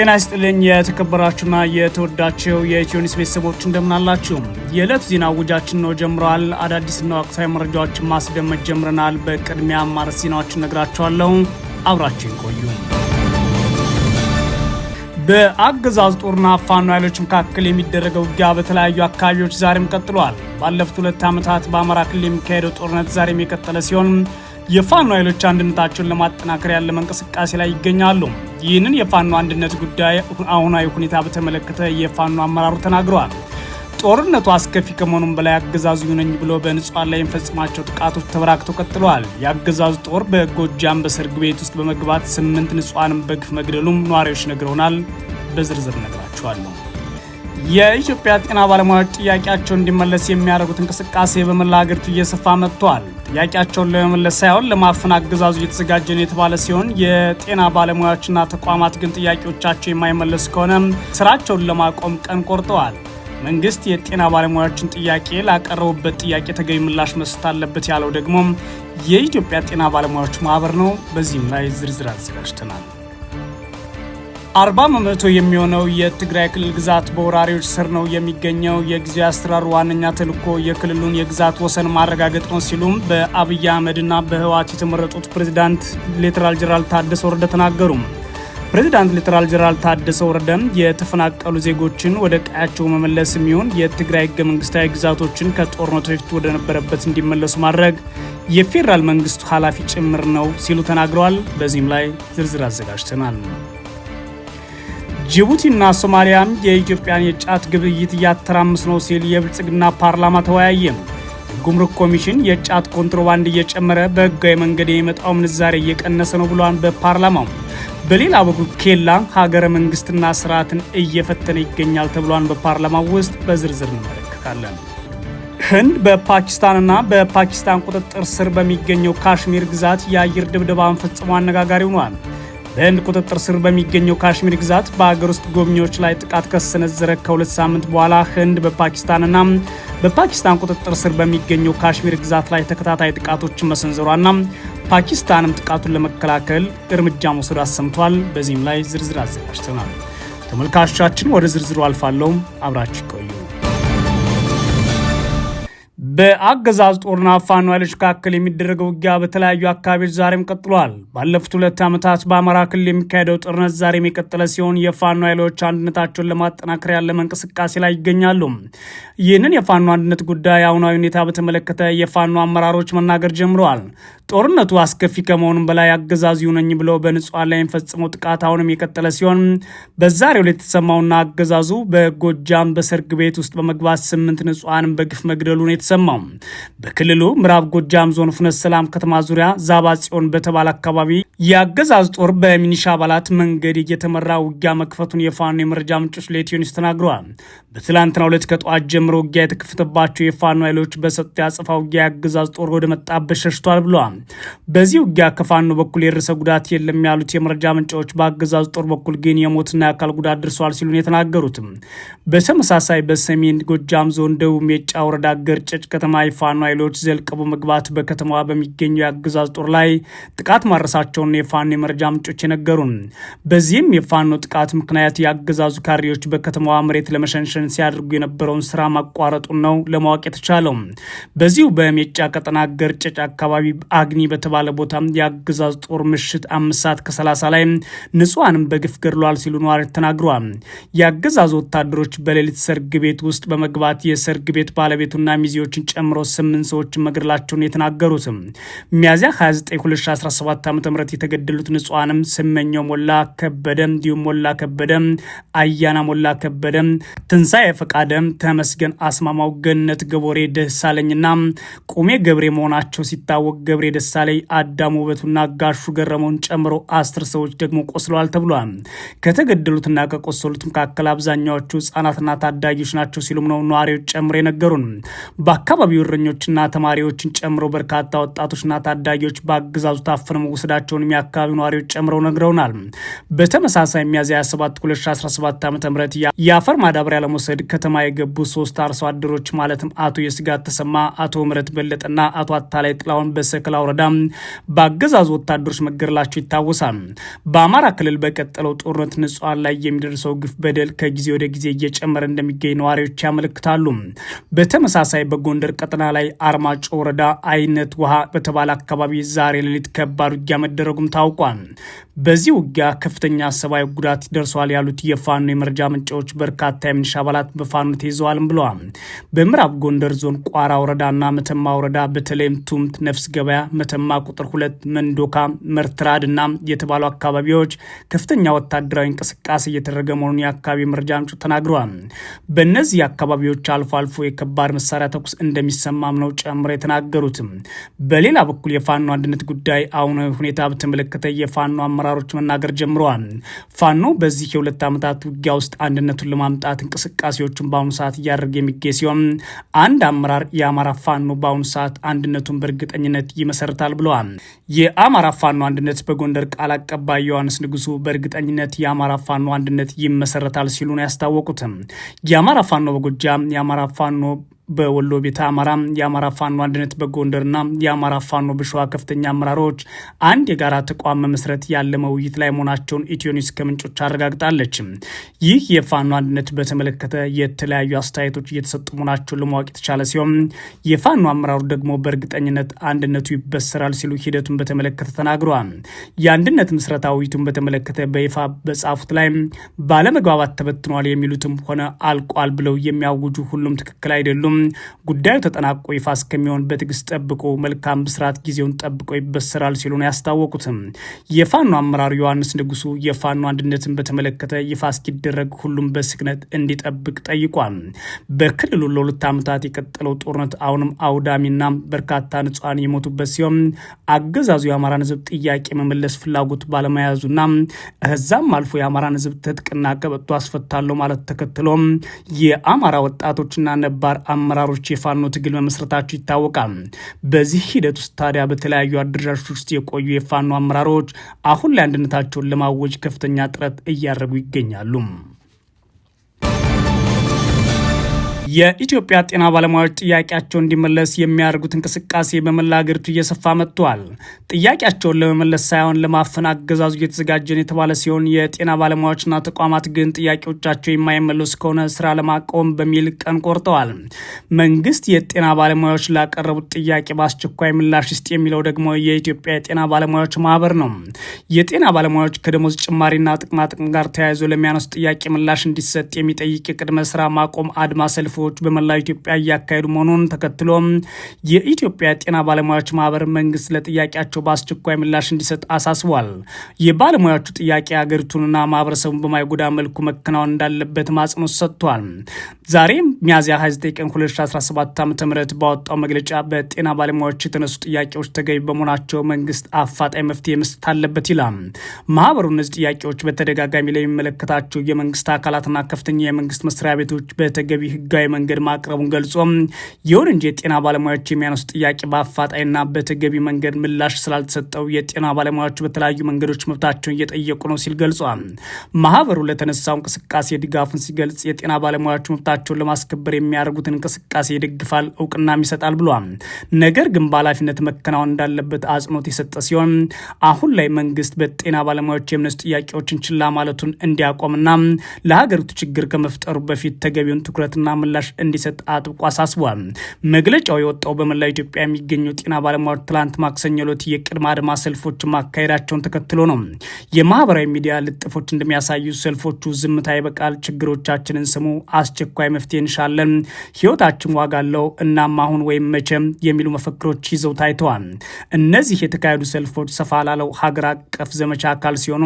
ጤና ይስጥልኝ የተከበራችሁና የተወዳቸው የኢትዮኒስ ቤተሰቦች እንደምናላችሁ። የዕለት ዜና ውጃችን ነው ጀምረዋል። አዳዲስና ወቅታዊ መረጃዎችን ማስደመጥ ጀምረናል። በቅድሚያ አማርስ ዜናዎችን ነግራችኋለሁ። አብራችን ቆዩ። በአገዛዝ ጦርና ፋኖ ኃይሎች መካከል የሚደረገው ውጊያ በተለያዩ አካባቢዎች ዛሬም ቀጥሏል። ባለፉት ሁለት ዓመታት በአማራ ክልል የሚካሄደው ጦርነት ዛሬም የቀጠለ ሲሆን የፋኖ ኃይሎች አንድነታቸውን ለማጠናከር ያለመ እንቅስቃሴ ላይ ይገኛሉ። ይህንን የፋኖ አንድነት ጉዳይ አሁናዊ ሁኔታ በተመለከተ የፋኖ አመራሩ ተናግረዋል። ጦርነቱ አስከፊ ከመሆኑም በላይ አገዛዙ ይሁነኝ ብሎ በንጹሐን ላይ የሚፈጽማቸው ጥቃቶች ተበራክተው ቀጥለዋል። የአገዛዙ ጦር በጎጃም በሰርግ ቤት ውስጥ በመግባት ስምንት ንጹሐንን በግፍ መግደሉም ነዋሪዎች ነግረውናል። በዝርዝር ነግራችኋለሁ። የኢትዮጵያ ጤና ባለሙያዎች ጥያቄያቸው እንዲመለስ የሚያደርጉት እንቅስቃሴ በመላ ሀገሪቱ እየሰፋ መጥቷል። ጥያቄያቸውን ለመመለስ ሳይሆን ለማፈን አገዛዙ እየተዘጋጀ ነው የተባለ ሲሆን የጤና ባለሙያዎችና ተቋማት ግን ጥያቄዎቻቸው የማይመለስ ከሆነ ስራቸውን ለማቆም ቀን ቆርጠዋል። መንግስት የጤና ባለሙያዎችን ጥያቄ ላቀረቡበት ጥያቄ ተገቢ ምላሽ መስጠት አለበት ያለው ደግሞ የኢትዮጵያ ጤና ባለሙያዎች ማህበር ነው። በዚህም ላይ ዝርዝር አዘጋጅተናል። አርባ በመቶ የሚሆነው የትግራይ ክልል ግዛት በወራሪዎች ስር ነው የሚገኘው። የጊዜያዊ አስተዳደሩ ዋነኛ ተልዕኮ የክልሉን የግዛት ወሰን ማረጋገጥ ነው ሲሉም በአብይ አህመድና በህወሓት የተመረጡት ፕሬዚዳንት ሌተናል ጄኔራል ታደሰ ወረደ ተናገሩም ፕሬዚዳንት ሌተናል ጄኔራል ታደሰ ወረደ የተፈናቀሉ ዜጎችን ወደ ቀያቸው መመለስ የሚሆን የትግራይ ህገ መንግስታዊ ግዛቶችን ከጦርነቱ በፊት ወደነበረበት እንዲመለሱ ማድረግ የፌዴራል መንግስቱ ኃላፊ ጭምር ነው ሲሉ ተናግረዋል። በዚህም ላይ ዝርዝር አዘጋጅተናል። ጅቡቲና ሶማሊያም የኢትዮጵያን የጫት ግብይት እያተራምስ ነው ሲል የብልጽግና ፓርላማ ተወያየ። ጉምሩክ ኮሚሽን የጫት ኮንትሮባንድ እየጨመረ በህጋዊ መንገድ የሚመጣው ምንዛሬ እየቀነሰ ነው ብሏል በፓርላማው። በሌላ በኩል ኬላ ሀገረ መንግስትና ስርዓትን እየፈተነ ይገኛል ተብሏል በፓርላማው ውስጥ። በዝርዝር እንመለከታለን። ህንድ በፓኪስታንና በፓኪስታን ቁጥጥር ስር በሚገኘው ካሽሚር ግዛት የአየር ድብደባን ፈጽሞ አነጋጋሪ ሆኗል። በህንድ ቁጥጥር ስር በሚገኘው ካሽሚር ግዛት በሀገር ውስጥ ጎብኚዎች ላይ ጥቃት ከሰነዘረ ከሁለት ሳምንት በኋላ ህንድ በፓኪስታንና በፓኪስታን ቁጥጥር ስር በሚገኘው ካሽሚር ግዛት ላይ ተከታታይ ጥቃቶችን መሰንዘሯና ፓኪስታንም ጥቃቱን ለመከላከል እርምጃ መውሰዱ አሰምቷል። በዚህም ላይ ዝርዝር አዘጋጅተናል። ተመልካቾቻችን ወደ ዝርዝሩ አልፋለሁ። አብራችሁ ቆዩ። በአገዛዝ ጦርና ፋኖ ኃይሎች መካከል የሚደረገው ውጊያ በተለያዩ አካባቢዎች ዛሬም ቀጥሏል። ባለፉት ሁለት ዓመታት በአማራ ክልል የሚካሄደው ጦርነት ዛሬም የቀጠለ ሲሆን የፋኖ ኃይሎች አንድነታቸውን ለማጠናከር ያለመ እንቅስቃሴ ላይ ይገኛሉ። ይህንን የፋኖ አንድነት ጉዳይ አሁናዊ ሁኔታ በተመለከተ የፋኖ አመራሮች መናገር ጀምረዋል። ጦርነቱ አስከፊ ከመሆኑም በላይ አገዛዙ ይሁነኝ ብለው በንጹሐን ላይ የሚፈጽመው ጥቃት አሁንም የቀጠለ ሲሆን በዛሬው ላይ የተሰማውና አገዛዙ በጎጃም በሰርግ ቤት ውስጥ በመግባት ስምንት ንጹሐንን በግፍ መግደሉ ነው የተሰማው። በክልሉ ምዕራብ ጎጃም ዞን ፍኖተ ሰላም ከተማ ዙሪያ ጽዮን በተባለ አካባቢ የአገዛዝ ጦር በሚኒሻ አባላት መንገድ እየተመራ ውጊያ መክፈቱን የፋኖ የመረጃ ምንጮች ለኢትዮ ኒውስ ተናግረዋል። በትላንትና ሁለት ከጠዋት ጀምሮ ውጊያ የተከፈተባቸው የፋኖ ኃይሎች በሰጡ የአጸፋ ውጊያ የአገዛዝ ጦር ወደ መጣበት ሸሽቷል ብለዋል። በዚህ ውጊያ ከፋኖ በኩል የደረሰ ጉዳት የለም ያሉት የመረጃ ምንጮች በአገዛዙ ጦር በኩል ግን የሞትና የአካል ጉዳት ደርሰዋል ሲሉን የተናገሩትም። በተመሳሳይ በሰሜን ጎጃም ዞን ደቡብ ሜጫ ወረዳ ገርጨጭ ከተማ የፋኖ ኃይሎች ዘልቀው በመግባት በከተማዋ በሚገኘው የአገዛዝ ጦር ላይ ጥቃት ማድረሳቸውን የፋኖ የመረጃ ምንጮች የነገሩን። በዚህም የፋኖ ጥቃት ምክንያት የአገዛዙ ካሬዎች በከተማዋ መሬት ለመሸንሸን ሲያደርጉ የነበረውን ስራ ማቋረጡን ነው ለማወቅ የተቻለው። በዚሁ በሜጫ ቀጠና ገርጨጭ አካባቢ ማግኒ በተባለ ቦታ የአገዛዝ ጦር ምሽት አምስት ሰዓት ከሰላሳ ላይ ንጹሐንም በግፍ ገድሏል ሲሉ ነዋሪዎች ተናግረዋል። የአገዛዝ ወታደሮች በሌሊት ሰርግ ቤት ውስጥ በመግባት የሰርግ ቤት ባለቤቱና ሚዜዎችን ጨምሮ ስምንት ሰዎችን መገደላቸውን የተናገሩት ሚያዝያ 29 2017 ዓ ም የተገደሉት ንጹሐንም ስመኛው ሞላ ከበደ፣ እንዲሁም ሞላ ከበደ፣ አያና ሞላ ከበደ፣ ትንሣኤ ፈቃደ፣ ተመስገን አስማማው፣ ገነት ገቦሬ ደሳለኝና ቁሜ ገብሬ መሆናቸው ሲታወቅ ገብሬ ደሳለኝ፣ አዳሙ ውበቱና ጋሹ ገረመውን ጨምሮ አስር ሰዎች ደግሞ ቆስለዋል ተብሏል። ከተገደሉትና ከቆሰሉት መካከል አብዛኛዎቹ ህጻናትና ታዳጊዎች ናቸው ሲሉም ነው ነዋሪዎች ጨምሮ የነገሩን። በአካባቢው እረኞችና ተማሪዎችን ጨምሮ በርካታ ወጣቶችና ታዳጊዎች በአገዛዙ ታፍነው መወሰዳቸውን የአካባቢው ነዋሪዎች ጨምረው ነግረውናል። በተመሳሳይ ሚያዝያ 27 2017 ዓ ም የአፈር ማዳበሪያ ለመውሰድ ከተማ የገቡ ሶስት አርሶ አደሮች ማለትም አቶ የስጋት ተሰማ፣ አቶ ምረት በለጠና አቶ አታላይ ጥላውን በሰክላው ወረዳ በአገዛዙ ወታደሮች መገደላቸው ይታወሳል። በአማራ ክልል በቀጠለው ጦርነት ንጹሐን ላይ የሚደርሰው ግፍ በደል ከጊዜ ወደ ጊዜ እየጨመረ እንደሚገኝ ነዋሪዎች ያመለክታሉ። በተመሳሳይ በጎንደር ቀጠና ላይ አርማጮ ወረዳ አይነት ውሃ በተባለ አካባቢ ዛሬ ሌሊት ከባድ ውጊያ መደረጉም ታውቋል። በዚህ ውጊያ ከፍተኛ ሰብአዊ ጉዳት ደርሷል ያሉት የፋኖ የመረጃ ምንጮች በርካታ የሚኒሻ አባላት በፋኖ ተይዘዋልም ብለዋል። በምዕራብ ጎንደር ዞን ቋራ ወረዳና መተማ ወረዳ በተለይም ቱምት፣ ነፍስ ገበያ፣ መተማ ቁጥር ሁለት፣ መንዶካ፣ መርትራድ እና የተባሉ አካባቢዎች ከፍተኛ ወታደራዊ እንቅስቃሴ እየተደረገ መሆኑን የአካባቢ መረጃ ምንጮች ተናግረዋል። በእነዚህ አካባቢዎች አልፎ አልፎ የከባድ መሳሪያ ተኩስ እንደሚሰማም ነው ጨምሮ የተናገሩትም። በሌላ በኩል የፋኖ አንድነት ጉዳይ አሁናዊ ሁኔታ በተመለከተ የፋኖ አመራ አመራሮች መናገር ጀምረዋል። ፋኖ በዚህ የሁለት ዓመታት ውጊያ ውስጥ አንድነቱን ለማምጣት እንቅስቃሴዎችን በአሁኑ ሰዓት እያደረገ የሚገኝ ሲሆን አንድ አመራር የአማራ ፋኖ በአሁኑ ሰዓት አንድነቱን በእርግጠኝነት ይመሰርታል ብለዋል። የአማራ ፋኖ አንድነት በጎንደር ቃል አቀባይ ዮሐንስ ንጉሱ በእርግጠኝነት የአማራ ፋኖ አንድነት ይመሰረታል ሲሉ ነው ያስታወቁትም። የአማራ ፋኖ በጎጃም የአማራ ፋኖ በወሎ ቤተ አማራ የአማራ ፋኖ አንድነት በጎንደርና የአማራ ፋኖ በሸዋ ከፍተኛ አመራሮች አንድ የጋራ ተቋም መመስረት ያለመ ውይይት ላይ መሆናቸውን ኢትዮኒስ ከምንጮች አረጋግጣለች። ይህ የፋኖ አንድነት በተመለከተ የተለያዩ አስተያየቶች እየተሰጡ መሆናቸውን ለማወቅ የተቻለ ሲሆን የፋኖ አመራሩ ደግሞ በእርግጠኝነት አንድነቱ ይበሰራል ሲሉ ሂደቱን በተመለከተ ተናግረዋል። የአንድነት ምስረታ ውይይቱን በተመለከተ በይፋ በጻፉት ላይ ባለመግባባት ተበትኗል የሚሉትም ሆነ አልቋል ብለው የሚያውጁ ሁሉም ትክክል አይደሉም ጉዳዩ ተጠናቆ ይፋ እስከሚሆን በትዕግስት ጠብቆ መልካም ብስራት ጊዜውን ጠብቆ ይበሰራል ሲሉ ነው ያስታወቁትም። የፋኖ አመራሩ ዮሐንስ ንጉሱ የፋኖ አንድነትን በተመለከተ ይፋ እስኪደረግ ሁሉም በስክነት እንዲጠብቅ ጠይቋል። በክልሉ ለሁለት ዓመታት የቀጠለው ጦርነት አሁንም አውዳሚና በርካታ ንጹሐን የሞቱበት ሲሆን አገዛዙ የአማራን ህዝብ ጥያቄ መመለስ ፍላጎት ባለመያዙና ከዛም አልፎ የአማራን ህዝብ ትጥቅና ቀበቶ አስፈታለሁ ማለት ተከትሎም የአማራ ወጣቶችና ነባር አማ አመራሮች የፋኖ ትግል መመስረታቸው ይታወቃል። በዚህ ሂደት ውስጥ ታዲያ በተለያዩ አደራሾች ውስጥ የቆዩ የፋኖ አመራሮች አሁን ላይ አንድነታቸውን ለማወጅ ከፍተኛ ጥረት እያደረጉ ይገኛሉ። የኢትዮጵያ ጤና ባለሙያዎች ጥያቄያቸው እንዲመለስ የሚያደርጉት እንቅስቃሴ በመላ ሀገሪቱ እየሰፋ መጥቷል። ጥያቄያቸውን ለመመለስ ሳይሆን ለማፈን አገዛዙ እየተዘጋጀን የተባለ ሲሆን የጤና ባለሙያዎችና ተቋማት ግን ጥያቄዎቻቸው የማይመለስ ከሆነ ስራ ለማቆም በሚል ቀን ቆርጠዋል። መንግስት የጤና ባለሙያዎች ላቀረቡት ጥያቄ በአስቸኳይ ምላሽ ይስጥ የሚለው ደግሞ የኢትዮጵያ የጤና ባለሙያዎች ማህበር ነው። የጤና ባለሙያዎች ከደሞዝ ጭማሪና ጥቅማጥቅም ጋር ተያይዞ ለሚያነሱ ጥያቄ ምላሽ እንዲሰጥ የሚጠይቅ የቅድመ ስራ ማቆም አድማ ሰልፍ ሰልፎች በመላው ኢትዮጵያ እያካሄዱ መሆኑን ተከትሎ የኢትዮጵያ ጤና ባለሙያዎች ማህበር መንግስት ለጥያቄያቸው በአስቸኳይ ምላሽ እንዲሰጥ አሳስቧል። የባለሙያዎቹ ጥያቄ ሀገሪቱንና ማህበረሰቡን በማይጎዳ መልኩ መከናወን እንዳለበት ማጽኖት ሰጥቷል። ዛሬ ሚያዝያ 29 ቀን 2017 ዓ ም ባወጣው መግለጫ በጤና ባለሙያዎች የተነሱ ጥያቄዎች ተገቢ በመሆናቸው መንግስት አፋጣኝ መፍትሄ መስጠት አለበት ይላል። ማህበሩ እነዚህ ጥያቄዎች በተደጋጋሚ ለሚመለከታቸው የመንግስት አካላትና ከፍተኛ የመንግስት መስሪያ ቤቶች በተገቢ ህጋዊ በህጋዊ መንገድ ማቅረቡን ገልጾ ይሁን እንጂ የጤና ባለሙያዎች የሚያነሱ ጥያቄ በአፋጣኝና በተገቢ መንገድ ምላሽ ስላልተሰጠው የጤና ባለሙያዎች በተለያዩ መንገዶች መብታቸውን እየጠየቁ ነው ሲል ገልጿል። ማህበሩ ለተነሳው እንቅስቃሴ ድጋፉን ሲገልጽ የጤና ባለሙያዎች መብታቸውን ለማስከበር የሚያደርጉትን እንቅስቃሴ ይደግፋል፣ እውቅናም ይሰጣል ብሏል። ነገር ግን በኃላፊነት መከናወን እንዳለበት አጽንኦት የሰጠ ሲሆን አሁን ላይ መንግስት በጤና ባለሙያዎች የእምነት ጥያቄዎችን ችላ ማለቱን እንዲያቆምና ለሀገሪቱ ችግር ከመፍጠሩ በፊት ተገቢውን ትኩረትና ምላ ምላሽ እንዲሰጥ አጥብቆ አሳስቧል። መግለጫው የወጣው በመላው ኢትዮጵያ የሚገኙ ጤና ባለሙያዎች ትላንት ማክሰኞ ዕለት የቅድመ አድማ ሰልፎች ማካሄዳቸውን ተከትሎ ነው። የማህበራዊ ሚዲያ ልጥፎች እንደሚያሳዩ ሰልፎቹ ዝምታ ይበቃል፣ ችግሮቻችንን ስሙ፣ አስቸኳይ መፍትሄ እንሻለን፣ ህይወታችን ዋጋ አለው፣ እናም አሁን ወይም መቼም የሚሉ መፈክሮች ይዘው ታይተዋል። እነዚህ የተካሄዱ ሰልፎች ሰፋ ላለው ሀገር አቀፍ ዘመቻ አካል ሲሆኑ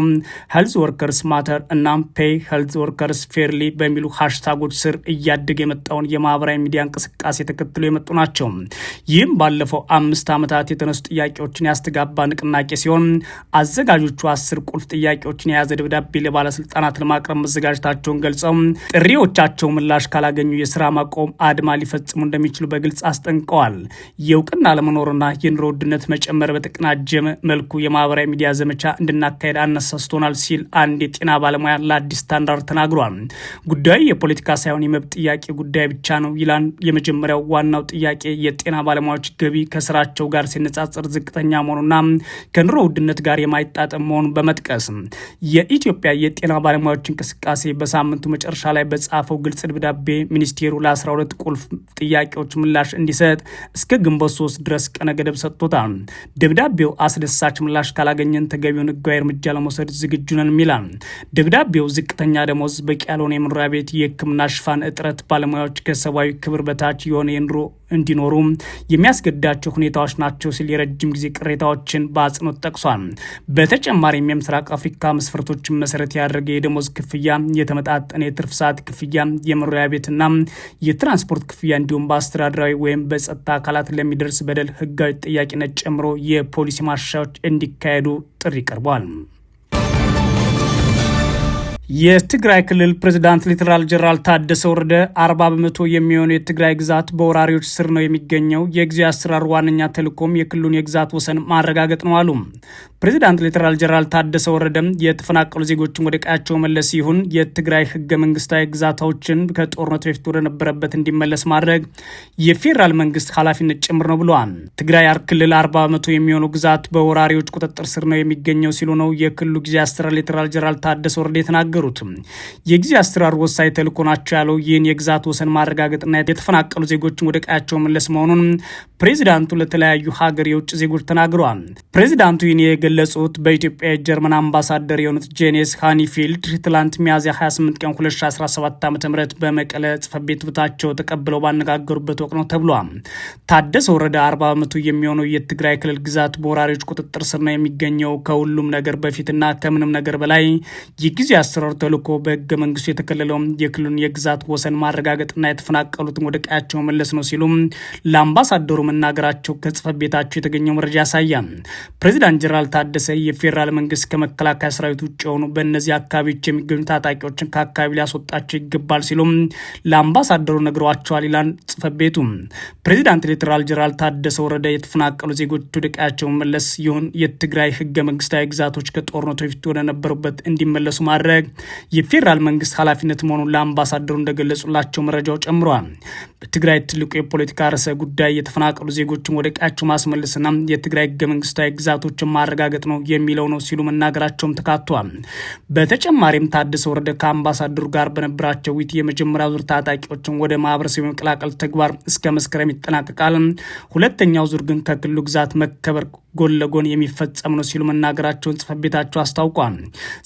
ሄልዝ ወርከርስ ማተር እናም ፔይ ሄልዝ ወርከርስ ፌርሊ በሚሉ ሃሽታጎች ስር እያደገ የመ የመጣውን የማህበራዊ ሚዲያ እንቅስቃሴ ተከትሎ የመጡ ናቸው። ይህም ባለፈው አምስት ዓመታት የተነሱ ጥያቄዎችን ያስተጋባ ንቅናቄ ሲሆን አዘጋጆቹ አስር ቁልፍ ጥያቄዎችን የያዘ ደብዳቤ ለባለስልጣናት ለማቅረብ መዘጋጀታቸውን ገልጸው ጥሪዎቻቸው ምላሽ ካላገኙ የስራ ማቆም አድማ ሊፈጽሙ እንደሚችሉ በግልጽ አስጠንቀዋል። የእውቅና ለመኖርና የኑሮ ውድነት መጨመር በተቀናጀ መልኩ የማህበራዊ ሚዲያ ዘመቻ እንድናካሄድ አነሳስቶናል ሲል አንድ የጤና ባለሙያ ለአዲስ ስታንዳርድ ተናግሯል። ጉዳዩ የፖለቲካ ሳይሆን የመብት ጥያቄ ጉዳይ ብቻ ነው ይላል የመጀመሪያው ዋናው ጥያቄ። የጤና ባለሙያዎች ገቢ ከስራቸው ጋር ሲነጻጸር ዝቅተኛ መሆኑና ከኑሮ ውድነት ጋር የማይጣጠም መሆኑን በመጥቀስ የኢትዮጵያ የጤና ባለሙያዎች እንቅስቃሴ በሳምንቱ መጨረሻ ላይ በጻፈው ግልጽ ደብዳቤ ሚኒስቴሩ ለ12 ቁልፍ ጥያቄዎች ምላሽ እንዲሰጥ እስከ ግንቦት ሶስት ድረስ ቀነ ገደብ ሰጥቶታል። ደብዳቤው አስደሳች ምላሽ ካላገኘን ተገቢውን ህጋዊ እርምጃ ለመውሰድ ዝግጁ ነን ይላል። ደብዳቤው ዝቅተኛ ደሞዝ፣ በቂ ያልሆነ የመኖሪያ ቤት፣ የህክምና ሽፋን እጥረት፣ ባለሙያ ባለሙያዎች ከሰብአዊ ክብር በታች የሆነ የኑሮ እንዲኖሩ የሚያስገድዳቸው ሁኔታዎች ናቸው ሲል የረጅም ጊዜ ቅሬታዎችን በአጽንኦት ጠቅሷል። በተጨማሪም የምስራቅ አፍሪካ መስፈርቶችን መሰረት ያደረገ የደሞዝ ክፍያ፣ የተመጣጠነ የትርፍ ሰዓት ክፍያ፣ የመኖሪያ ቤትና የትራንስፖርት ክፍያ እንዲሁም በአስተዳደራዊ ወይም በጸጥታ አካላት ለሚደርስ በደል ህጋዊ ጥያቄነት ጨምሮ የፖሊሲ ማሻሻያዎች እንዲካሄዱ ጥሪ ቀርቧል። የትግራይ ክልል ፕሬዝዳንት ሌተናል ጀነራል ታደሰ ወረደ አርባ በመቶ የሚሆነው የትግራይ ግዛት በወራሪዎች ስር ነው የሚገኘው፣ የጊዜያዊ አስተዳደሩ ዋነኛ ተልዕኮም የክልሉን የግዛት ወሰን ማረጋገጥ ነው አሉ። ፕሬዚዳንት ሌተናል ጀነራል ታደሰ ወረደም የተፈናቀሉ ዜጎችን ወደ ቀያቸው መለስ ይሁን የትግራይ ህገ መንግስታዊ ግዛታዎችን ከጦርነቱ በፊት ወደነበረበት እንዲመለስ ማድረግ የፌዴራል መንግስት ኃላፊነት ጭምር ነው ብለዋል። ትግራይ ክልል አርባ በመቶ የሚሆኑ ግዛት በወራሪዎች ቁጥጥር ስር ነው የሚገኘው ሲሉ ነው የክልሉ ጊዜ አስተዳደር ሌተናል ጀነራል ታደሰ ወረደ የተናገሩት። የጊዜ አስተዳደር ወሳኝ ተልዕኮ ናቸው ያለው ይህን የግዛት ወሰን ማረጋገጥና የተፈናቀሉ ዜጎችን ወደ ቀያቸው መለስ መሆኑን ፕሬዚዳንቱ ለተለያዩ ሀገር የውጭ ዜጎች ተናግረዋል። ፕሬዚዳንቱ ይህን የገለጹት በኢትዮጵያ የጀርመን አምባሳደር የሆኑት ጄኔስ ሃኒፊልድ ትላንት ሚያዝያ 28 ቀን 2017 ዓ ም በመቀለ ጽፈት ቤት ቤታቸው ተቀብለው ባነጋገሩበት ወቅት ነው ተብሏል። ታደሰ ወረደ 40 በመቶ የሚሆነው የትግራይ ክልል ግዛት በወራሪዎች ቁጥጥር ስር ነው የሚገኘው። ከሁሉም ነገር በፊትና ከምንም ነገር በላይ የጊዜ አሰራር ተልዕኮ በህገ መንግስቱ የተከለለው የክልሉን የግዛት ወሰን ማረጋገጥና የተፈናቀሉትን ወደ ቀያቸው መለስ ነው ሲሉም ለአምባሳደሩ መናገራቸው ከጽፈት ቤታቸው የተገኘው መረጃ ያሳያል። ፕሬዚዳንት ጀነራል ታደሰ የፌዴራል መንግስት ከመከላከያ ሰራዊት ውጭ የሆኑ በእነዚህ አካባቢዎች የሚገኙ ታጣቂዎችን ከአካባቢ ሊያስወጣቸው ይገባል ሲሉም ለአምባሳደሩ ነግረዋቸዋል ይላል ጽፈት ቤቱ። ፕሬዚዳንት ሌተናል ጀነራል ታደሰ ወረደ የተፈናቀሉ ዜጎች ወደ ቀያቸው መመለስ የትግራይ ህገ መንግስታዊ ግዛቶች ከጦርነቱ በፊት ወደነበሩበት እንዲመለሱ ማድረግ የፌዴራል መንግስት ኃላፊነት መሆኑን ለአምባሳደሩ እንደገለጹላቸው መረጃው ጨምሯል። በትግራይ ትልቁ የፖለቲካ ርዕሰ ጉዳይ የተፈናቀ የተፈናቀሉ ዜጎችን ወደ ቀያቸው ማስመለስና የትግራይ ህገ መንግስታዊ ግዛቶችን ማረጋገጥ ነው የሚለው ነው ሲሉ መናገራቸውም ተካቷል። በተጨማሪም ታደሰ ወረደ ከአምባሳደሩ ጋር በነበራቸው ዊት የመጀመሪያ ዙር ታጣቂዎችን ወደ ማህበረሰብ የመቀላቀል ተግባር እስከ መስከረም ይጠናቀቃል። ሁለተኛው ዙር ግን ከክልሉ ግዛት መከበር ጎን ለጎን የሚፈጸም ነው ሲሉ መናገራቸውን ጽፈት ቤታቸው አስታውቋል።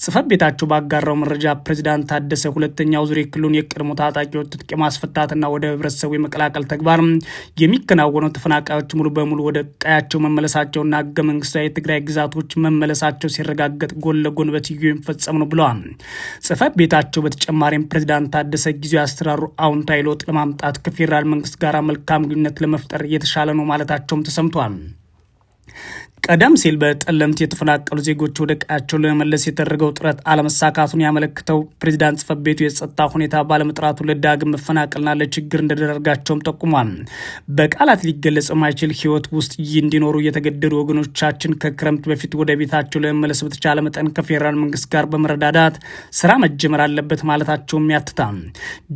ጽፈት ቤታቸው ባጋራው መረጃ ፕሬዚዳንት ታደሰ ሁለተኛው ዙር የክልሉን የቀድሞ ታጣቂዎች ትጥቅ ማስፈታትና ወደ ህብረተሰቡ የመቀላቀል ተግባር የሚከናወነው ተፈናቃዮች ሙሉ በሙሉ ወደ ቀያቸው መመለሳቸውና ህገ መንግስታዊ የትግራይ ግዛቶች መመለሳቸው ሲረጋገጥ ጎን ለጎን በትዩ የሚፈጸም ነው ብለዋል። ጽፈት ቤታቸው በተጨማሪም ፕሬዚዳንት ታደሰ ጊዜ አስተራሩ አዎንታዊ ለውጥ ለማምጣት ከፌዴራል መንግስት ጋር መልካም ግንኙነት ለመፍጠር የተሻለ ነው ማለታቸውም ተሰምቷል። ቀደም ሲል በጠለምት የተፈናቀሉ ዜጎች ወደ ቀያቸው ለመመለስ የተደረገው ጥረት አለመሳካቱን ያመለክተው ፕሬዚዳንት ጽፈት ቤቱ የጸጥታ ሁኔታ ባለመጥራቱ ለዳግም መፈናቀልና ለችግር እንደደረጋቸውም ጠቁሟል። በቃላት ሊገለጽ የማይችል ህይወት ውስጥ ይህ እንዲኖሩ የተገደዱ ወገኖቻችን ከክረምት በፊት ወደ ቤታቸው ለመመለስ በተቻለ መጠን ከፌዴራል መንግስት ጋር በመረዳዳት ስራ መጀመር አለበት ማለታቸውም ያትታል።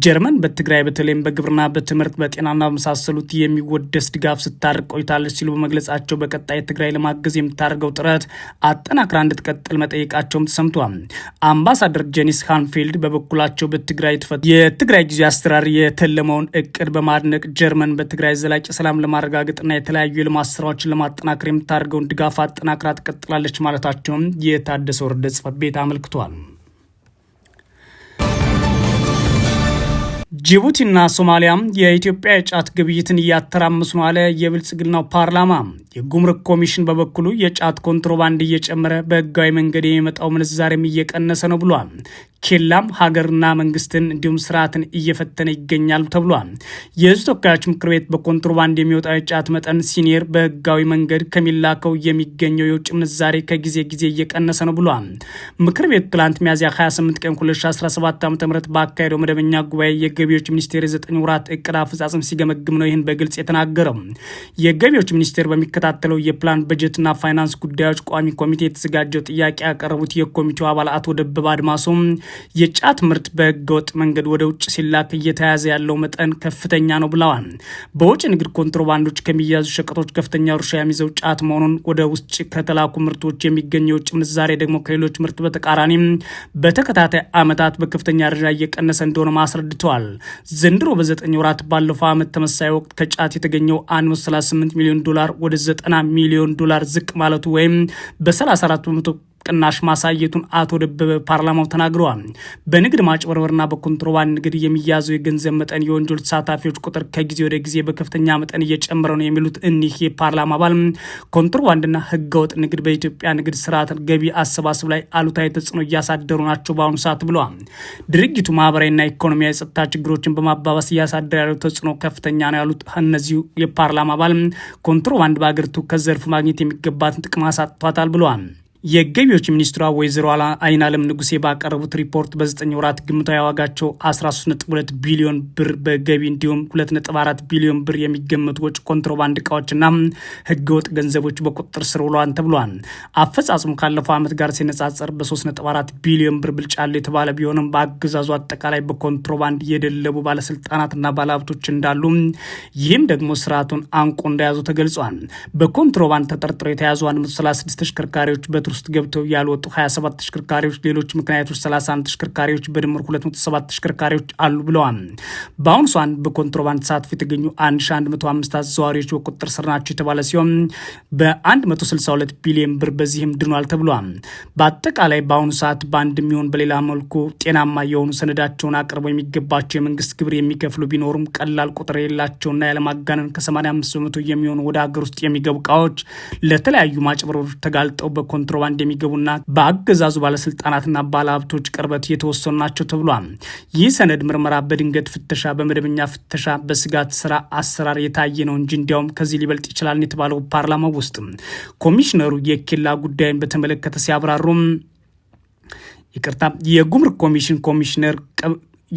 ጀርመን በትግራይ በተለይም በግብርና፣ በትምህርት፣ በጤናና በመሳሰሉት የሚወደስ ድጋፍ ስታደርግ ቆይታለች ሲሉ በመግለጻቸው በቀጣይ ትግራይ ለማ ለማገዝ የምታደርገው ጥረት አጠናክራ እንድትቀጥል መጠየቃቸውም ተሰምቷል። አምባሳደር ጄኒስ ሃንፊልድ በበኩላቸው በትግራይ የትግራይ ጊዜ አስተራር የተለመውን እቅድ በማድነቅ ጀርመን በትግራይ ዘላቂ ሰላም ለማረጋገጥና የተለያዩ የልማት ስራዎችን ለማጠናከር የምታደርገውን ድጋፍ አጠናክራ ትቀጥላለች ማለታቸውም የታደሰ ወረደ ጽፈት ቤት አመልክቷል። ጅቡቲና ሶማሊያ የኢትዮጵያ የጫት ግብይትን እያተራምሱ ነው አለ የብልጽግናው ፓርላማ። የጉምሩክ ኮሚሽን በበኩሉ የጫት ኮንትሮባንድ እየጨመረ በህጋዊ መንገድ የሚመጣው ምንዛሬም እየቀነሰ ነው ብሏል። ኬላም ሀገርና መንግስትን እንዲሁም ስርዓትን እየፈተነ ይገኛል ተብሏል። የህዝብ ተወካዮች ምክር ቤት በኮንትሮባንድ የሚወጣው የጫት መጠን ሲኒየር በህጋዊ መንገድ ከሚላከው የሚገኘው የውጭ ምንዛሬ ከጊዜ ጊዜ እየቀነሰ ነው ብሏል። ምክር ቤቱ ትላንት ሚያዝያ 28 ቀን 2017 ዓ ም በአካሄደው መደበኛ ጉባኤ የገቢዎች ሚኒስቴር የዘጠኝ ወራት እቅድ አፈጻጸም ሲገመግም ነው ይህን በግልጽ የተናገረው። የገቢዎች ሚኒስቴር በሚከታተለው የፕላን በጀትና ፋይናንስ ጉዳዮች ቋሚ ኮሚቴ የተዘጋጀው ጥያቄ ያቀረቡት የኮሚቴው አባል አቶ ደበብ አድማሶም የጫት ምርት በህገወጥ መንገድ ወደ ውጭ ሲላክ እየተያዘ ያለው መጠን ከፍተኛ ነው ብለዋል። በውጭ ንግድ ኮንትሮባንዶች ከሚያዙ ሸቀጦች ከፍተኛ ድርሻ የሚይዘው ጫት መሆኑን፣ ወደ ውጭ ከተላኩ ምርቶች የሚገኘው የውጭ ምንዛሬ ደግሞ ከሌሎች ምርት በተቃራኒ በተከታታይ ዓመታት በከፍተኛ ደረጃ እየቀነሰ እንደሆነ አስረድተዋል። ዘንድሮ በዘጠኝ ወራት ባለፈው ዓመት ተመሳሳይ ወቅት ከጫት የተገኘው 138 ሚሊዮን ዶላር ወደ 90 ሚሊዮን ዶላር ዝቅ ማለቱ ወይም በ34 በመቶ ቅናሽ ማሳየቱን አቶ ደበበ ፓርላማው ተናግረዋል። በንግድ ማጭበርበርና በኮንትሮባንድ ንግድ የሚያዘው የገንዘብ መጠን የወንጀል ተሳታፊዎች ቁጥር ከጊዜ ወደ ጊዜ በከፍተኛ መጠን እየጨመረ ነው የሚሉት እኒህ የፓርላማ አባል ኮንትሮባንድና ህገወጥ ንግድ በኢትዮጵያ ንግድ ስርዓት ገቢ አሰባሰብ ላይ አሉታዊ ተጽዕኖ እያሳደሩ ናቸው በአሁኑ ሰዓት ብለዋል። ድርጅቱ ማህበራዊና ኢኮኖሚያዊ የጸጥታ ችግሮችን በማባባስ እያሳደረ ያለው ተጽዕኖ ከፍተኛ ነው ያሉት እነዚሁ የፓርላማ አባል ኮንትሮባንድ በአገሪቱ ከዘርፉ ማግኘት የሚገባትን ጥቅም አሳጥቷታል ብለዋል። የገቢዎች ሚኒስትሯ ወይዘሮ አይናለም ንጉሴ ባቀረቡት ሪፖርት በዘጠኝ ወራት ግምታዊ ዋጋቸው 132 ቢሊዮን ብር በገቢ እንዲሁም 24 ቢሊዮን ብር የሚገመቱ ወጭ ኮንትሮባንድ እቃዎችና ህገወጥ ገንዘቦች በቁጥጥር ስር ውለዋል ተብሏል። አፈጻጽሙ ካለፈው ዓመት ጋር ሲነጻጸር በ34 ቢሊዮን ብር ብልጫ አለው የተባለ ቢሆንም በአገዛዙ አጠቃላይ በኮንትሮባንድ የደለቡ ባለስልጣናትና ባለሀብቶች እንዳሉ፣ ይህም ደግሞ ስርዓቱን አንቆ እንደያዙ ተገልጿል። በኮንትሮባንድ ተጠርጥረው የተያዙ 136 ተሽከርካሪዎች ቁጥጥር ውስጥ ገብተው ያልወጡ 27 ተሽከርካሪዎች፣ ሌሎች ምክንያቶች 31 ተሽከርካሪዎች በድምር 27 ተሽከርካሪዎች አሉ ብለዋል። በአሁኑ ሰዓት በኮንትሮባንድ ተሳትፎ የተገኙ 1105 አዘዋዋሪዎች በቁጥጥር ስር ናቸው የተባለ ሲሆን በ162 ቢሊዮን ብር በዚህም ድኗል ተብሏል። በአጠቃላይ በአሁኑ ሰዓት በአንድ የሚሆን በሌላ መልኩ ጤናማ የሆኑ ሰነዳቸውን አቅርበው የሚገባቸው የመንግስት ግብር የሚከፍሉ ቢኖሩም ቀላል ቁጥር የሌላቸውና ያለማጋነን ከ85 በመቶ የሚሆኑ ወደ ሀገር ውስጥ የሚገቡ እቃዎች ለተለያዩ ማጭበርበሮች ተጋልጠው በኮንትሮ ኮንትሮባንድ የሚገቡና በአገዛዙ ባለስልጣናትና ባለሀብቶች ቅርበት የተወሰኑ ናቸው ተብሏል። ይህ ሰነድ ምርመራ በድንገት ፍተሻ፣ በመደበኛ ፍተሻ፣ በስጋት ስራ አሰራር የታየ ነው እንጂ እንዲያውም ከዚህ ሊበልጥ ይችላል የተባለው ፓርላማ ውስጥ ኮሚሽነሩ የኬላ ጉዳይን በተመለከተ ሲያብራሩም ይቅርታ የጉምሩክ ኮሚሽን ኮሚሽነር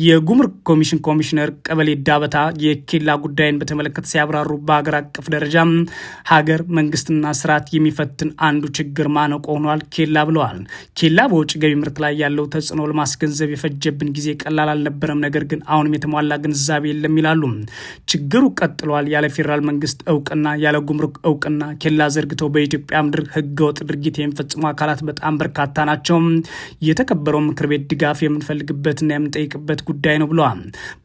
የጉምሩክ ኮሚሽን ኮሚሽነር ቀበሌ ዳበታ የኬላ ጉዳይን በተመለከተ ሲያብራሩ በሀገር አቀፍ ደረጃ ሀገር መንግስትና ስርዓት የሚፈትን አንዱ ችግር ማነቆ ሆኗል ኬላ ብለዋል። ኬላ በውጭ ገቢ ምርት ላይ ያለው ተጽዕኖ ለማስገንዘብ የፈጀብን ጊዜ ቀላል አልነበረም፣ ነገር ግን አሁንም የተሟላ ግንዛቤ የለም ይላሉ። ችግሩ ቀጥሏል። ያለ ፌዴራል መንግስት እውቅና፣ ያለ ጉምሩክ እውቅና ኬላ ዘርግተው በኢትዮጵያ ምድር ህገወጥ ድርጊት የሚፈጽሙ አካላት በጣም በርካታ ናቸው። የተከበረው ምክር ቤት ድጋፍ የምንፈልግበትና የምንጠይቅበት ጉዳይ ነው ብለዋል።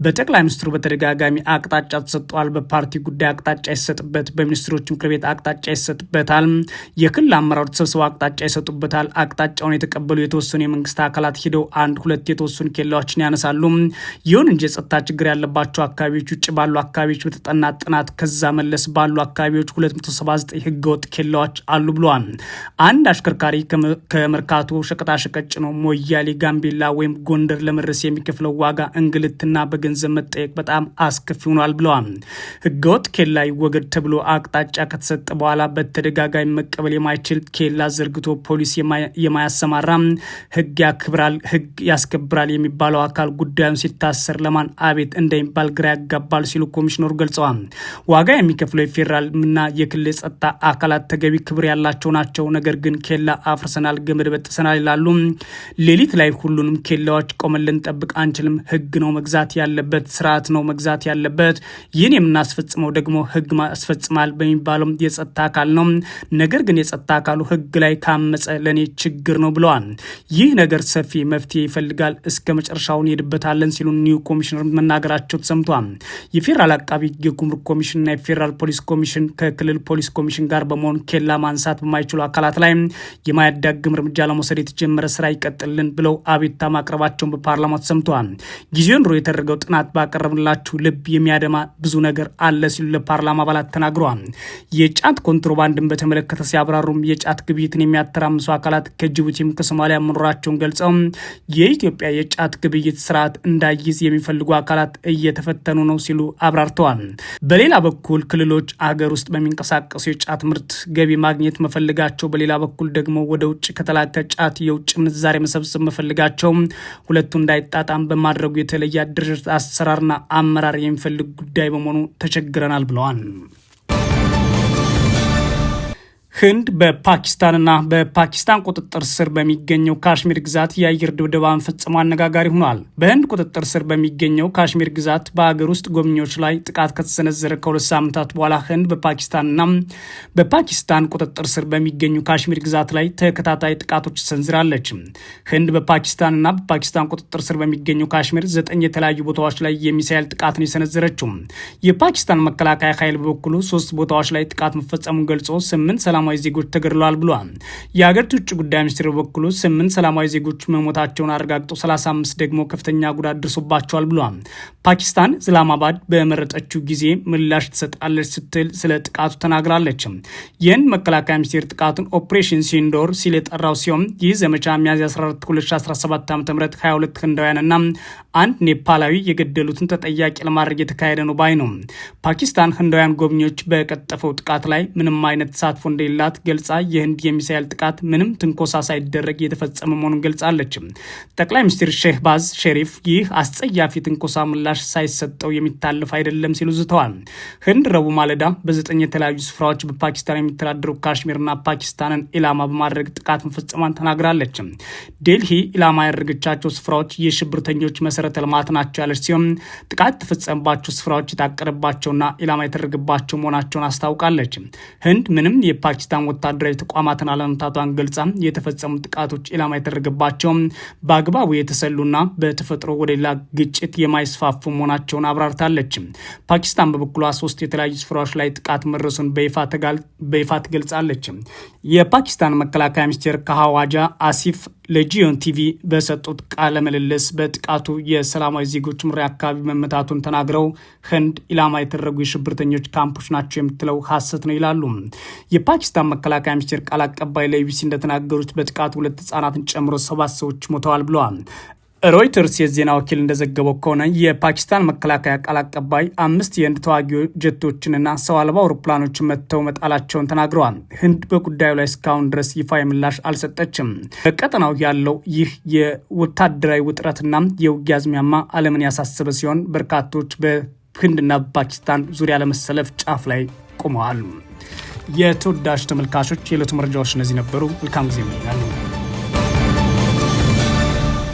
በጠቅላይ ሚኒስትሩ በተደጋጋሚ አቅጣጫ ተሰጥቷል። በፓርቲ ጉዳይ አቅጣጫ ይሰጥበት፣ በሚኒስትሮች ምክር ቤት አቅጣጫ ይሰጥበታል። የክልል አመራሮች ተሰብስበው አቅጣጫ ይሰጡበታል። አቅጣጫውን የተቀበሉ የተወሰኑ የመንግስት አካላት ሂደው አንድ ሁለት የተወሰኑ ኬላዎችን ያነሳሉ። ይሁን እንጂ የጸጥታ ችግር ያለባቸው አካባቢዎች ውጭ ባሉ አካባቢዎች በተጠና ጥናት ከዛ መለስ ባሉ አካባቢዎች 279 ህገወጥ ኬላዎች አሉ ብለዋል። አንድ አሽከርካሪ ከመርካቶ ሸቀጣሸቀጭ ነው ሞያሌ፣ ጋምቤላ ወይም ጎንደር ለመድረስ የሚከፍለው ዋጋ እንግልትና በገንዘብ መጠየቅ በጣም አስከፊ ሆኗል ብለዋል። ህገወጥ ኬላ ይወገድ ተብሎ አቅጣጫ ከተሰጠ በኋላ በተደጋጋሚ መቀበል የማይችል ኬላ ዘርግቶ ፖሊስ የማያሰማራ ህግ ያክብራል ህግ ያስከብራል የሚባለው አካል ጉዳዩን ሲታሰር ለማን አቤት እንደሚባል ግራ ያጋባል ሲሉ ኮሚሽነሩ ገልጸዋል። ዋጋ የሚከፍለው የፌዴራልና የክልል ጸጥታ አካላት ተገቢ ክብር ያላቸው ናቸው። ነገር ግን ኬላ አፍርሰናል፣ ገመድ በጥሰናል ይላሉ። ሌሊት ላይ ሁሉንም ኬላዎች ቆመን ልንጠብቅ አንችልም። ህግ ነው መግዛት ያለበት፣ ስርዓት ነው መግዛት ያለበት። ይህን የምናስፈጽመው ደግሞ ህግ ማስፈጽማል በሚባለው የጸጥታ አካል ነው። ነገር ግን የጸጥታ አካሉ ህግ ላይ ካመፀ ለእኔ ችግር ነው ብለዋል። ይህ ነገር ሰፊ መፍትሄ ይፈልጋል፣ እስከ መጨረሻው እንሄድበታለን ሲሉ ኒው ኮሚሽነር መናገራቸው ተሰምቷል። የፌዴራል አቃቢ የጉምሩክ ኮሚሽንና የፌዴራል ፖሊስ ኮሚሽን ከክልል ፖሊስ ኮሚሽን ጋር በመሆን ኬላ ማንሳት በማይችሉ አካላት ላይ የማያዳግም እርምጃ ለመውሰድ የተጀመረ ስራ ይቀጥልን ብለው አቤቱታ ማቅረባቸውን በፓርላማ ተሰምተዋል። ጊዜውን ሮ የተደረገው ጥናት ባቀረብንላችሁ ልብ የሚያደማ ብዙ ነገር አለ ሲሉ ለፓርላማ አባላት ተናግረዋል። የጫት ኮንትሮባንድን በተመለከተ ሲያብራሩም የጫት ግብይትን የሚያተራምሱ አካላት ከጅቡቲም ከሶማሊያ መኖራቸውን ገልጸው የኢትዮጵያ የጫት ግብይት ስርዓት እንዳይዝ የሚፈልጉ አካላት እየተፈተኑ ነው ሲሉ አብራርተዋል። በሌላ በኩል ክልሎች አገር ውስጥ በሚንቀሳቀሱ የጫት ምርት ገቢ ማግኘት መፈልጋቸው፣ በሌላ በኩል ደግሞ ወደ ውጭ ከተላከ ጫት የውጭ ምንዛሬ መሰብሰብ መፈልጋቸው ሁለቱ እንዳይጣጣም በማ ማድረጉ የተለየ አደረጃጀት አሰራርና አመራር የሚፈልግ ጉዳይ በመሆኑ ተቸግረናል ብለዋል። ህንድ በፓኪስታንና በፓኪስታን ቁጥጥር ስር በሚገኘው ካሽሚር ግዛት የአየር ድብደባን ፈጽሞ አነጋጋሪ ሆኗል። በህንድ ቁጥጥር ስር በሚገኘው ካሽሚር ግዛት በሀገር ውስጥ ጎብኚዎች ላይ ጥቃት ከተሰነዘረ ከሁለት ሳምንታት በኋላ ህንድ በፓኪስታንና በፓኪስታን ቁጥጥር ስር በሚገኙ ካሽሚር ግዛት ላይ ተከታታይ ጥቃቶች ሰንዝራለች። ህንድ በፓኪስታንና በፓኪስታን ቁጥጥር ስር በሚገኘው ካሽሚር ዘጠኝ የተለያዩ ቦታዎች ላይ የሚሳይል ጥቃት ነው የሰነዘረችው። የፓኪስታን መከላከያ ኃይል በበኩሉ ሶስት ቦታዎች ላይ ጥቃት መፈጸሙን ገልጾ ስምንት ሰላም ሰላማዊ ዜጎች ተገድለዋል ብሏል። የአገሪቱ ውጭ ጉዳይ ሚኒስትር በበኩሉ ስምንት ሰላማዊ ዜጎች መሞታቸውን አረጋግጦ 35 ደግሞ ከፍተኛ ጉዳት ደርሶባቸዋል ብሏል። ፓኪስታን እስላማባድ በመረጠችው ጊዜ ምላሽ ትሰጣለች ስትል ስለ ጥቃቱ ተናግራለች። ይህን መከላከያ ሚኒስቴር ጥቃቱን ኦፕሬሽን ሲንዶር ሲል የጠራው ሲሆን ይህ ዘመቻ ሚያዝያ 14 2017 ዓ ም 22 ህንዳውያንና አንድ ኔፓላዊ የገደሉትን ተጠያቂ ለማድረግ የተካሄደ ነው ባይ ነው። ፓኪስታን ህንዳውያን ጎብኚዎች በቀጠፈው ጥቃት ላይ ምንም አይነት ተሳትፎ እንደሌላት ገልጻ የህንድ የሚሳይል ጥቃት ምንም ትንኮሳ ሳይደረግ የተፈጸመ መሆኑን ገልጻለች። ጠቅላይ ሚኒስትር ባዝ ሸሪፍ ይህ አስጸያፊ ትንኮሳ ምላሽ ሳይሰጠው የሚታለፍ አይደለም ሲሉ ዝተዋል። ህንድ ረቡዕ ማለዳ በዘጠኝ የተለያዩ ስፍራዎች በፓኪስታን የሚተዳደሩ ካሽሚርና ፓኪስታንን ኢላማ በማድረግ ጥቃት መፈጸሟን ተናግራለች። ዴልሂ ኢላማ ያደረገቻቸው ስፍራዎች የሽብርተኞች መሰረት መሰረተ ልማት ናቸው ያለች ሲሆን ጥቃት የተፈጸመባቸው ስፍራዎች የታቀደባቸውና ኢላማ የተደረገባቸው መሆናቸውን አስታውቃለች። ህንድ ምንም የፓኪስታን ወታደራዊ ተቋማትን አለመምታቷን ገልጻ የተፈጸሙ ጥቃቶች ኢላማ የተደረገባቸው በአግባቡ የተሰሉና በተፈጥሮ ወደ ሌላ ግጭት የማይስፋፉ መሆናቸውን አብራርታለች። ፓኪስታን በበኩሏ ሶስት የተለያዩ ስፍራዎች ላይ ጥቃት መድረሱን በይፋ ትገልጻለች። የፓኪስታን መከላከያ ሚኒስቴር ከሀዋጃ አሲፍ ለጂዮን ቲቪ በሰጡት ቃለ ምልልስ በጥቃቱ የሰላማዊ ዜጎች መኖሪያ አካባቢ መመታቱን ተናግረው ህንድ ኢላማ የተደረጉ የሽብርተኞች ካምፖች ናቸው የምትለው ሀሰት ነው ይላሉ። የፓኪስታን መከላከያ ሚኒስቴር ቃል አቀባይ ለኢቢሲ እንደተናገሩት በጥቃቱ ሁለት ህጻናትን ጨምሮ ሰባት ሰዎች ሞተዋል ብለዋል። ሮይተርስ የዜና ወኪል እንደዘገበው ከሆነ የፓኪስታን መከላከያ ቃል አቀባይ አምስት የህንድ ተዋጊ ጀቶችንና ሰው አልባ አውሮፕላኖችን መጥተው መጣላቸውን ተናግረዋል። ህንድ በጉዳዩ ላይ እስካሁን ድረስ ይፋ ምላሽ አልሰጠችም። በቀጠናው ያለው ይህ የወታደራዊ ውጥረትና የውጊያ አዝማሚያ ዓለምን ያሳሰበ ሲሆን በርካቶች በህንድና በፓኪስታን ዙሪያ ለመሰለፍ ጫፍ ላይ ቆመዋል። የተወዳጅ ተመልካቾች የዕለቱ መረጃዎች እነዚህ ነበሩ። መልካም ጊዜ